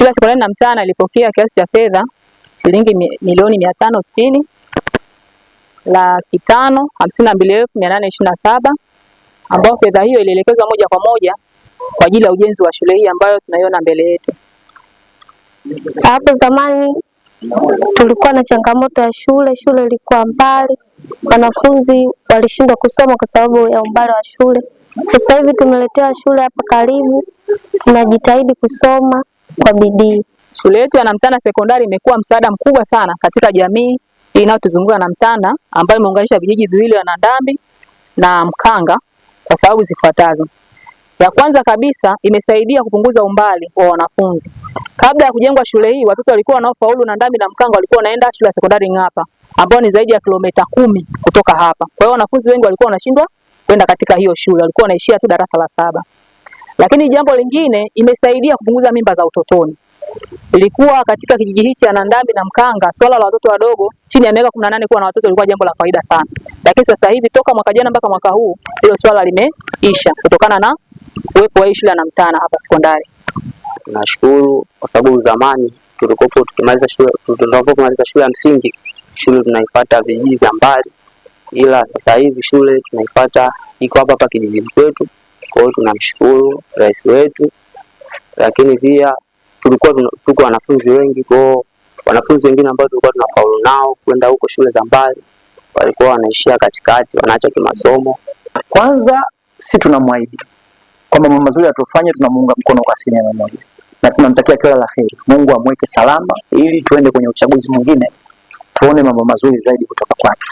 Shule ya Sekondari Namtana ilipokea kiasi cha fedha shilingi milioni mia tano sitini laki tano hamsini na mbili elfu mia nane ishirini na saba ambayo fedha hiyo ilielekezwa moja kwa moja kwa ajili ya ujenzi wa shule hii ambayo tunaiona mbele yetu. Hapo zamani tulikuwa na changamoto ya shule, shule ilikuwa mbali, wanafunzi walishindwa kusoma kwa sababu ya umbali wa shule. Sasa hivi tumeletewa shule hapa karibu, tunajitahidi kusoma kwa bidii. Shule yetu ya Namtana Sekondari imekuwa msaada mkubwa sana katika jamii inayotuzunguka Namtanda, ambayo imeunganisha vijiji viwili vya Nandambi na Mkanga kwa sababu zifuatazo. Ya kwanza kabisa, imesaidia kupunguza umbali wa wanafunzi. Kabla ya kujengwa shule hii, watoto walikuwa wanaofaulu Nandambi na Mkanga walikuwa wanaenda shule ya sekondari Ng'apa, ambayo ni zaidi ya kilomita kumi kutoka hapa. Kwa hiyo wanafunzi wengi walikuwa wanashindwa kwenda katika hiyo shule, walikuwa wanaishia tu darasa la saba. Lakini jambo lingine, imesaidia kupunguza mimba za utotoni. Ilikuwa katika kijiji hichi cha Nandambi na Mkanga, swala la watoto wadogo chini ya miaka 18 kuwa na watoto ilikuwa jambo la kawaida sana, lakini sasa hivi toka mwaka jana mpaka mwaka huu hilo swala limeisha kutokana na uwepo wa shule na mtana hapa sekondari. Tunashukuru kwa sababu zamani tulikopo tukimaliza shule, kumaliza shule ya msingi shule tunaifuata vijiji vya mbali, ila sasa hivi shule tunaifuata iko hapa hapa kijijini kwetu. Kwa hiyo tunamshukuru rais wetu, lakini pia tulikuwa tuko wanafunzi wengi, kwa hiyo wanafunzi wengine ambao tulikuwa tunafaulu nao kwenda huko shule za mbali walikuwa wanaishia katikati, wanaacha kimasomo. Kwanza si tunamwahidi kwamba mambo mazuri atofanya, tunamuunga mkono kwa asilimia moja na tunamtakia kila la heri, Mungu amweke salama, ili tuende kwenye uchaguzi mwingine tuone mambo mazuri zaidi kutoka kwake.